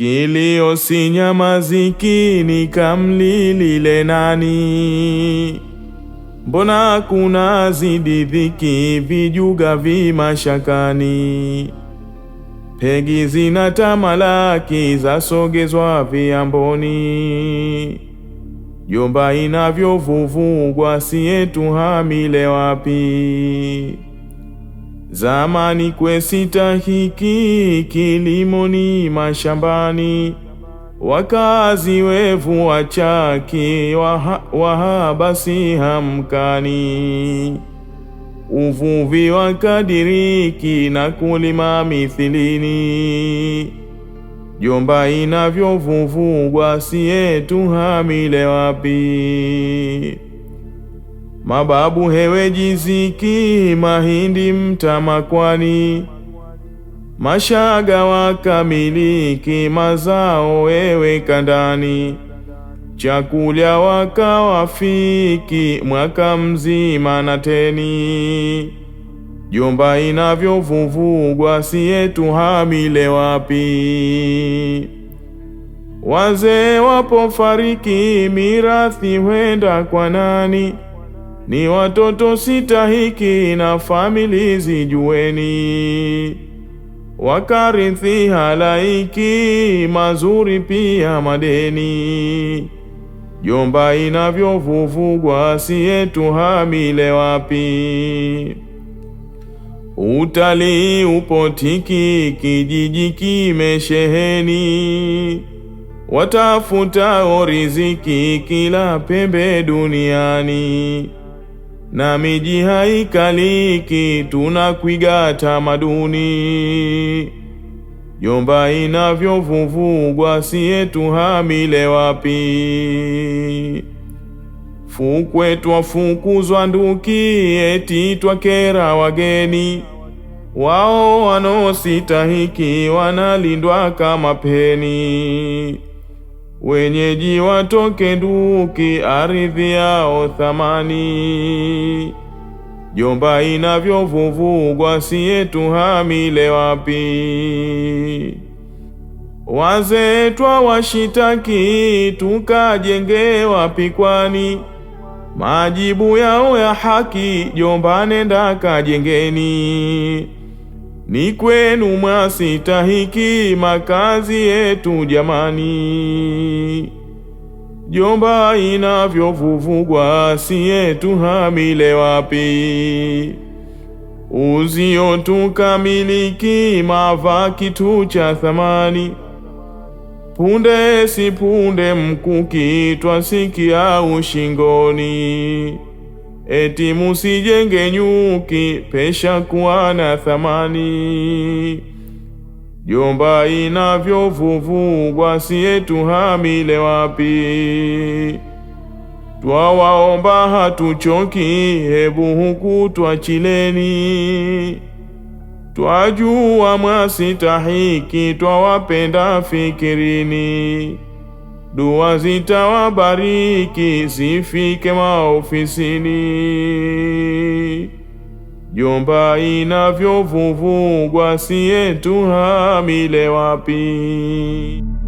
Kilio si nyamaziki, nikamlilile nani? Mbona kuna zidi dhiki, vijuga vi mashakani. Pegi zina tamalaki, zasogezwa viamboni. Jomba inavyovuvugwa, siyetu hamile wapi? Zamani kwesita hiki, kilimo ni mashambani, wakazi wevu wachaki, wahabasi hamkani, uvuvi wa kadiriki na kulima mithilini, Jomba inavyovuvugwa, siye hamile wapi? mababu hewe jiziki mahindi mtamakwani mashaga wakamiliki mazao wewe kandani chakulya wakawafiki mwaka mzima na teni jomba inavyovuvugwa siyetu hamile wapi wazee wapofariki mirathi hwenda kwa nani ni watoto sita hiki na famili zijueni, wakarithi halaiki mazuri pia madeni, jomba inavyovuvugwa siyetu hamile wapi Utalii upotiki, kijiji kimesheheni, watafutao riziki kila pembe duniani na miji haikaliki, tunakwiga tamaduni. Jomba inavyovuvugwa, siye hamile wapi? Fukwe twafukuzwa nduki, eti twakera wageni. Wao wanaositahiki wanalindwa kama peni wenyeji watoke duki, ardhi yao thamani. Jomba inavyovuvugwa, si yetu hamile wapi? Wazee twawashitaki, tukajengewa pikwani Majibu yao ya haki, jomba nenda kajengeni ni kwenu mwasitahiki makazi yetu jamani. Jomba inavyovuvugwa si yetu hamile wapi? Uzio tukamiliki mava kitu cha thamani. Punde si punde mkuki twasikia ushingoni eti musijenge nyuki, pesha kuwa na thamani. Jomba inavyovuvugwa, siye tuhamile wapi? Twawaomba hatuchoki, hebu huku twachileni. Twajua mwasitahiki, twawapenda fikirini dua zitawabariki zifike maofisini. Jomba inavyovuvugwa, siye tuhamile wapi?